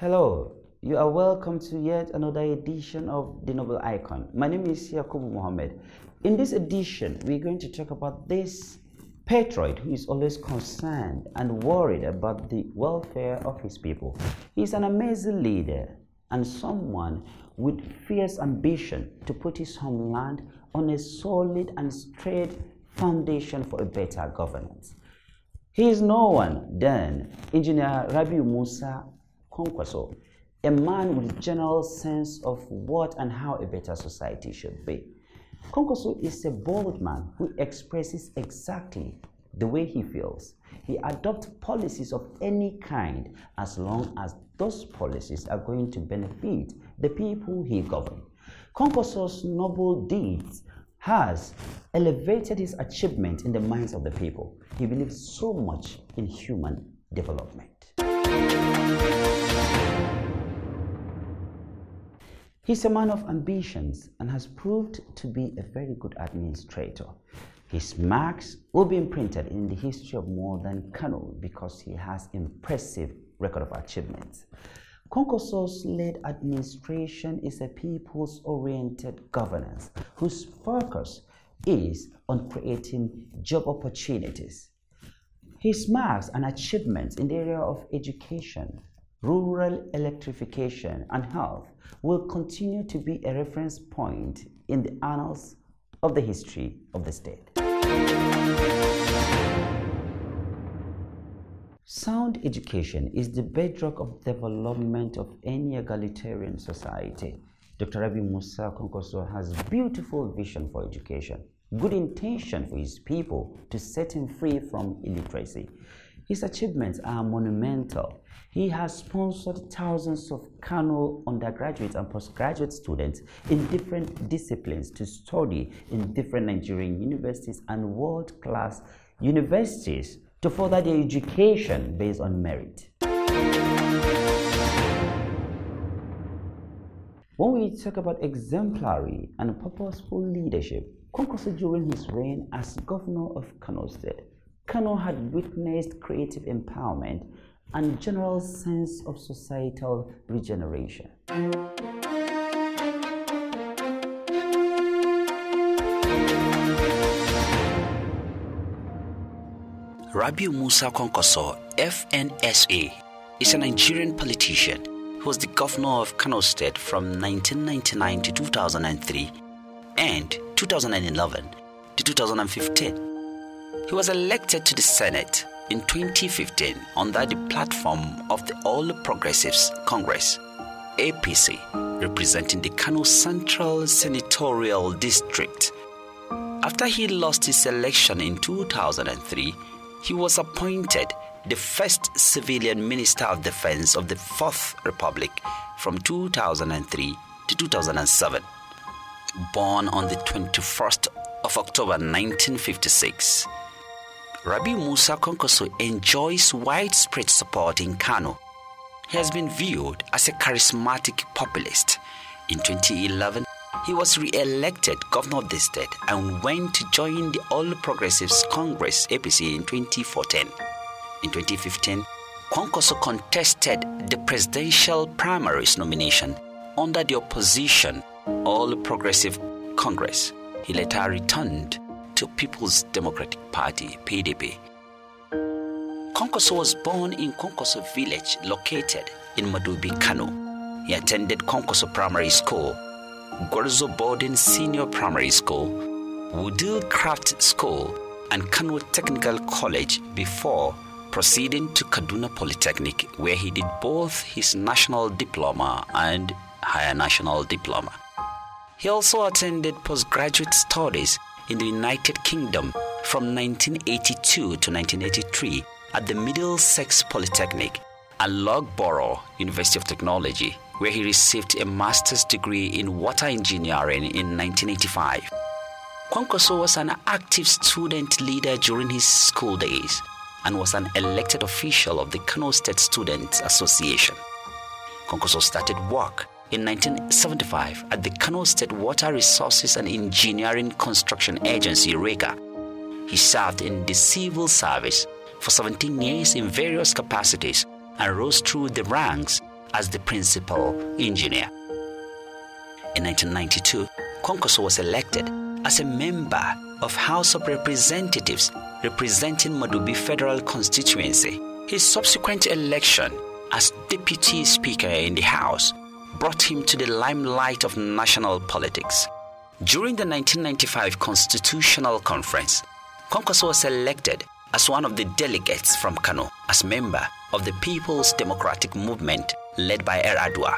Hello, you are welcome to yet another edition of The Noble Icon. My name is Yakubu Mohammed. In this edition, we're going to talk about this patriot who is always concerned and worried about the welfare of his people. He's an amazing leader and someone with fierce ambition to put his homeland on a solid and straight foundation for a better governance. He is no one than Engineer Rabi Musa Kwankwaso, a man with a general sense of what and how a better society should be. Kwankwaso is a bold man who expresses exactly the way he feels. He adopts policies of any kind as long as those policies are going to benefit the people he governs. Kwankwaso's noble deeds has elevated his achievement in the minds of the people. He believes so much in human development. He's a man of ambitions and has proved to be a very good administrator. His marks will be imprinted in the history of more than Kano because he has impressive record of achievements. Concourse-led administration is a people's-oriented governance whose focus is on creating job opportunities. His marks and achievements in the area of education rural electrification and health will continue to be a reference point in the annals of the history of the state. Sound education is the bedrock of development of any egalitarian society. Dr. Abi Musa Konkoso has beautiful vision for education, good intention for his people to set him free from illiteracy. His achievements are monumental. He has sponsored thousands of Kano undergraduate and postgraduate students in different disciplines to study in different Nigerian universities and world-class universities to further their education based on merit. When we talk about exemplary and purposeful leadership, Kwankwaso during his reign as governor of Kano State Kano had witnessed creative empowerment and general sense of societal regeneration. Rabi Musa Konkoso, FNSA, is a Nigerian politician who was the governor of Kano State from 1999 to 2003 and 2011 to 2015. He was elected to the Senate in 2015 under the platform of the All Progressives Congress, APC, representing the Kano Central Senatorial District. After he lost his election in 2003, he was appointed the first civilian Minister of Defense of the Fourth Republic from 2003 to 2007. Born on the 21st of October 1956, Rabbi Musa Konkoso enjoys widespread support in Kano. He has been viewed as a charismatic populist. In 2011, he was re-elected governor of the state and went to join the All Progressives Congress APC in 2014. In 2015, Konkoso contested the presidential primaries nomination under the opposition All Progressive Congress. He later returned to People's Democratic Party, PDP. Konkoso was born in Konkoso village located in Madubi, Kano. He attended Konkoso Primary School, Gorzo Borden Senior Primary School, Woodill Craft School, and Kano Technical College before proceeding to Kaduna Polytechnic, where he did both his national diploma and higher national diploma. He also attended postgraduate studies in the United Kingdom from 1982 to 1983 at the Middlesex Polytechnic and Loughborough University of Technology, where he received a master's degree in water engineering in 1985. Kwankoso was an active student leader during his school days and was an elected official of the Kano State Students Association. Kwankoso started work in 1975 at the Kano State Water Resources and Engineering Construction Agency, RECA. He served in the civil service for 17 years in various capacities and rose through the ranks as the principal engineer. In 1992, Konkoso was elected as a member of House of Representatives representing Madubi Federal Constituency. His subsequent election as Deputy Speaker in the House brought him to the limelight of national politics. During the 1995 Constitutional Conference, Kwankwaso was elected as one of the delegates from Kano as member of the People's Democratic Movement led by Eradua.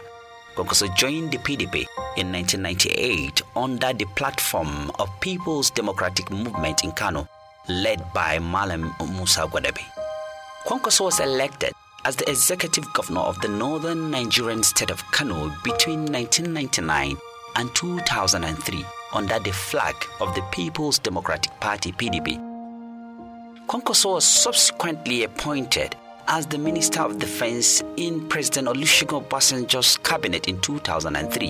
Kwankwaso joined the PDP in 1998 under the platform of People's Democratic Movement in Kano led by Malam Musa Gwadabi. Kwankwaso was elected as the executive governor of the northern Nigerian state of Kano between 1999 and 2003 under the flag of the People's Democratic Party PDP. Konkoso was subsequently appointed as the Minister of Defense in President Olusegun Obasanjo's cabinet in 2003.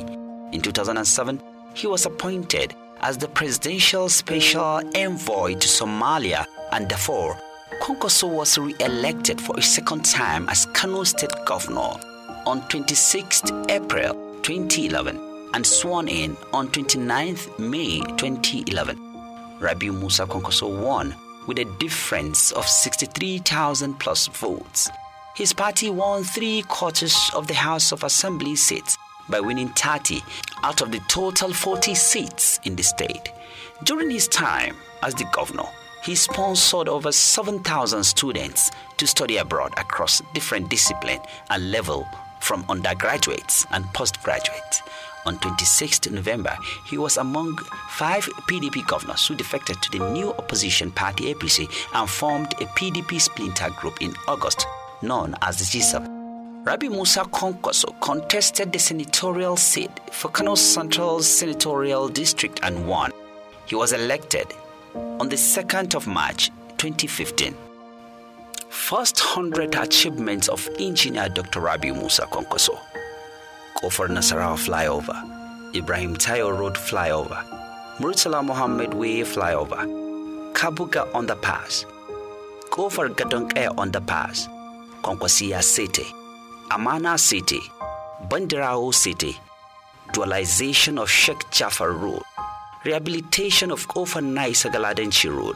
In 2007, he was appointed as the Presidential Special Envoy to Somalia and Darfur Konkoso was re-elected for a second time as Kano State Governor on 26 April 2011 and sworn in on 29 May 2011. Rabiu Musa Konkoso won with a difference of 63,000 plus votes. His party won three quarters of the House of Assembly seats by winning 30 out of the total 40 seats in the state. During his time as the governor, he sponsored over 7,000 students to study abroad across different discipline and level from undergraduates and postgraduates. On 26th November, he was among five PDP governors who defected to the new opposition party APC and formed a PDP splinter group in August, known as the G7. Rabbi Musa Konkoso contested the senatorial seat for Kano Central Senatorial District and won. He was elected on the 2nd of March 2015. First 100 achievements of engineer Dr. Rabi Musa Konkoso. for Nasarawa flyover, Ibrahim Tayo Road flyover, Murtala Mohammed Way flyover, Kabuga underpass, Kofar Gadong Air underpass, Konkosia City, Amana City, Bandirao City, dualization of Sheikh Jafar Road, rehabilitation of Ofan Sagaladenchi Road,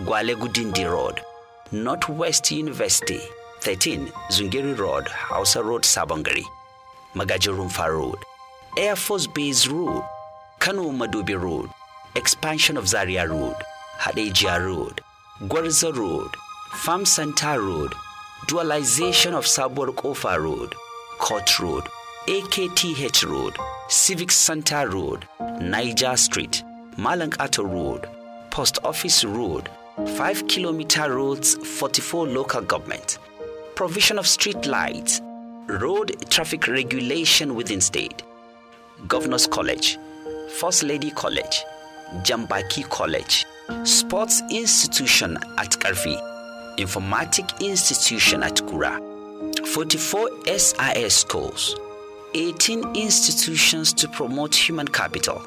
Gwalegudindi Road, Northwest University, 13 Zungeri Road, Hausa Road, Sabangari, Magajurumfa Road, Air Force Base Road, Kanu Madubi Road, expansion of Zaria Road, Hadejia Road, Gwarza Road, Farm Center Road, dualization of Sabor Kofa Road, Court Road, AKTH Road, Civic Center Road, Niger Street, Malangato Road, Post Office Road, 5 kilometer roads, 44 local government, provision of street lights, road traffic regulation within state, Governor's College, First Lady College, Jambaki College, Sports Institution at Karfi, Informatic Institution at Kura, 44 SIS schools. 18 institutions to promote human capital.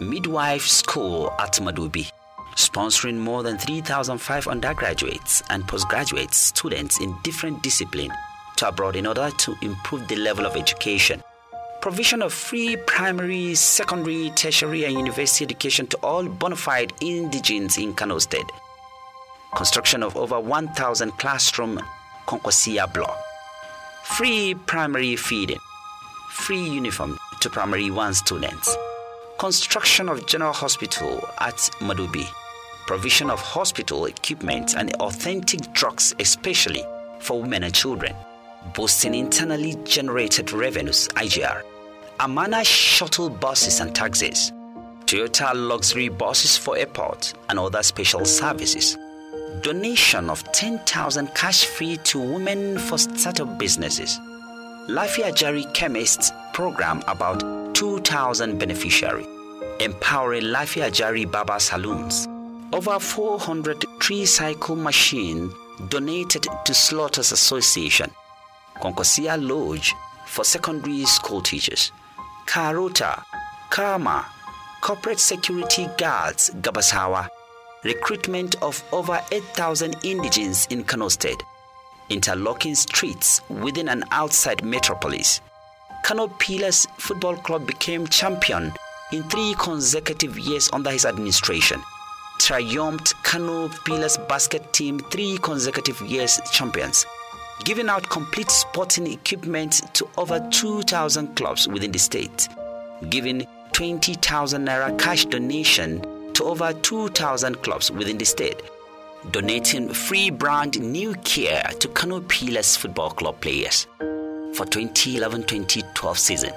Midwife School at Madubi, sponsoring more than 3,005 undergraduates and postgraduate students in different disciplines to abroad in order to improve the level of education. Provision of free primary, secondary, tertiary, and university education to all bona fide indigents in Kano State. Construction of over 1,000 classroom Konkosia block. Free primary feeding free uniform to primary 1 students. Construction of General Hospital at Madubi. Provision of hospital equipment and authentic drugs especially for women and children. Boosting internally generated revenues IGR. Amana shuttle buses and taxis. Toyota luxury buses for airport and other special services. Donation of 10,000 cash free to women for startup businesses. Lafia Jari Chemists program about 2,000 beneficiaries, empowering Lafia Jari Baba Saloons. Over 400 tree cycle machines donated to Slaughters Association, Concosia Lodge for secondary school teachers, Karuta, Karma, Corporate Security Guards, Gabasawa, recruitment of over 8,000 indigents in Kano State, interlocking streets within and outside metropolis, Kano Pillars Football Club became champion in three consecutive years under his administration. Triumphed Kano Pillars basket team three consecutive years champions, giving out complete sporting equipment to over 2,000 clubs within the state, giving 20,000 naira cash donation to over 2,000 clubs within the state donating free brand new gear to Kano Peelers Football Club players for 2011-2012 season,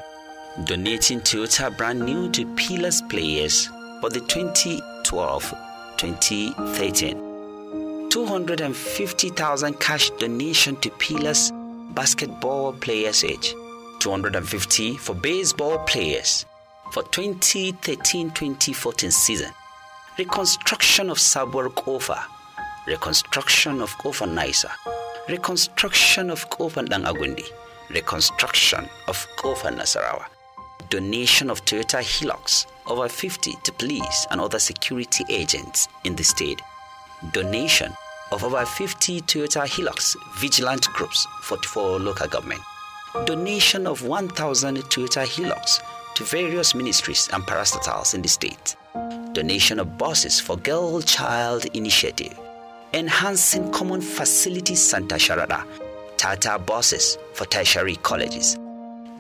donating Toyota brand new to Peelers players for the 2012-2013, 250,000 cash donation to Peelers basketball players age, 250 for baseball players for 2013-2014 season, reconstruction of Sabuor over reconstruction of Kofan naisa reconstruction of Kofan Dangagundi, reconstruction of Kofan nasarawa donation of toyota hilux over 50 to police and other security agents in the state donation of over 50 toyota hilux vigilant groups 44 local government donation of 1000 toyota hilux to various ministries and parastatals in the state donation of buses for Girl Child Initiative, enhancing common facilities Santa Sharada, Tata buses for tertiary colleges,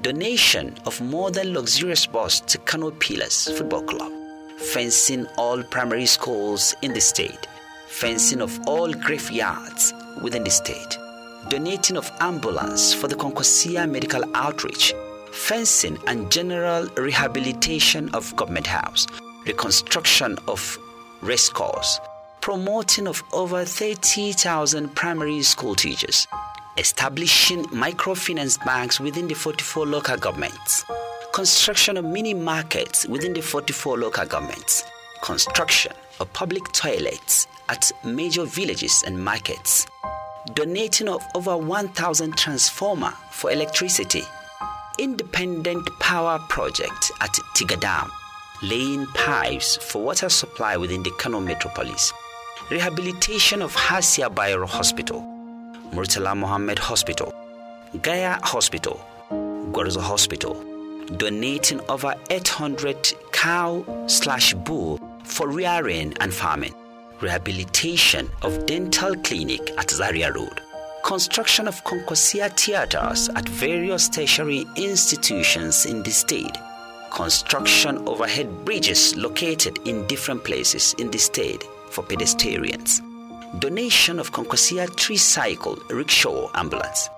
donation of more than luxurious bus to Kano Pillars Football Club, fencing all primary schools in the state, fencing of all graveyards within the state, donating of ambulance for the Concorsia Medical Outreach, fencing and general rehabilitation of government house, reconstruction of race course, promoting of over 30,000 primary school teachers, establishing microfinance banks within the 44 local governments, construction of mini markets within the 44 local governments, construction of public toilets at major villages and markets, donating of over 1,000 transformer for electricity, independent power project at Tigadam, laying pipes for water supply within the Kano metropolis rehabilitation of Hasia Bayero Hospital, Murtala Mohammed Hospital, Gaya Hospital, Gwarza Hospital, donating over 800 cow slash bull for rearing and farming, rehabilitation of dental clinic at Zaria Road, construction of Concosia theaters at various tertiary institutions in the state, construction overhead bridges located in different places in the state, for pedestrians. Donation of Concosia tricycle rickshaw ambulance.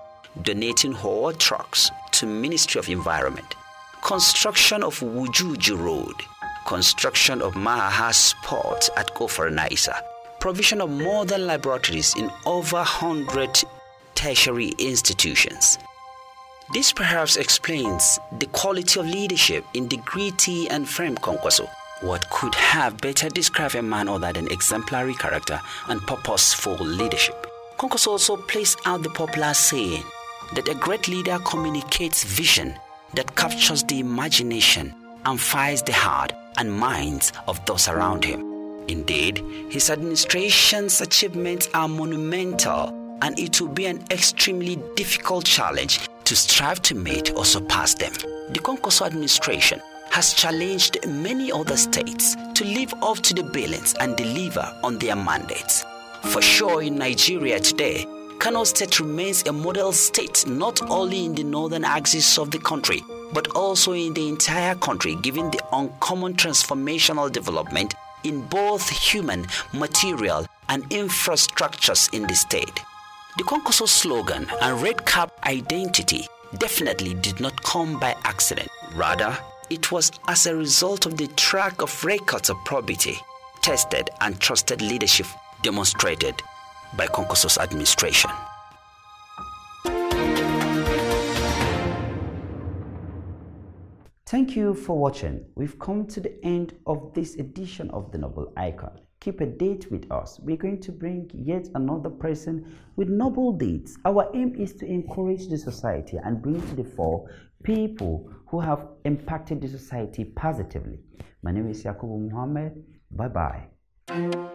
Donating whole trucks to Ministry of Environment. Construction of Wujuju Road. Construction of Mahaha Sports at Kofarnaisa. Provision of modern laboratories in over 100 tertiary institutions. This perhaps explains the quality of leadership in the gritty and firm Concoso what could have better described a man other than exemplary character and purposeful leadership? Concourse also plays out the popular saying that a great leader communicates vision that captures the imagination and fires the heart and minds of those around him. Indeed, his administration's achievements are monumental and it will be an extremely difficult challenge to strive to meet or surpass them. The Concourse administration has challenged many other states to live up to the balance and deliver on their mandates. For sure, in Nigeria today, Kano State remains a model state not only in the northern axis of the country, but also in the entire country, given the uncommon transformational development in both human, material, and infrastructures in the state. The Konkoso slogan and red cap identity definitely did not come by accident. Rather, it was as a result of the track of records of probity, tested and trusted leadership demonstrated by Concourse's administration. Thank you for watching. We've come to the end of this edition of The Noble Icon. Keep a date with us. We're going to bring yet another person with noble deeds. Our aim is to encourage the society and bring to the fore people who have impacted the society positively. My name is Yakubu Muhammad. Bye bye.